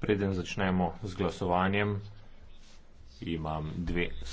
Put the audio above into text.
preden začnemo z glasovanjem imam dve sporočili.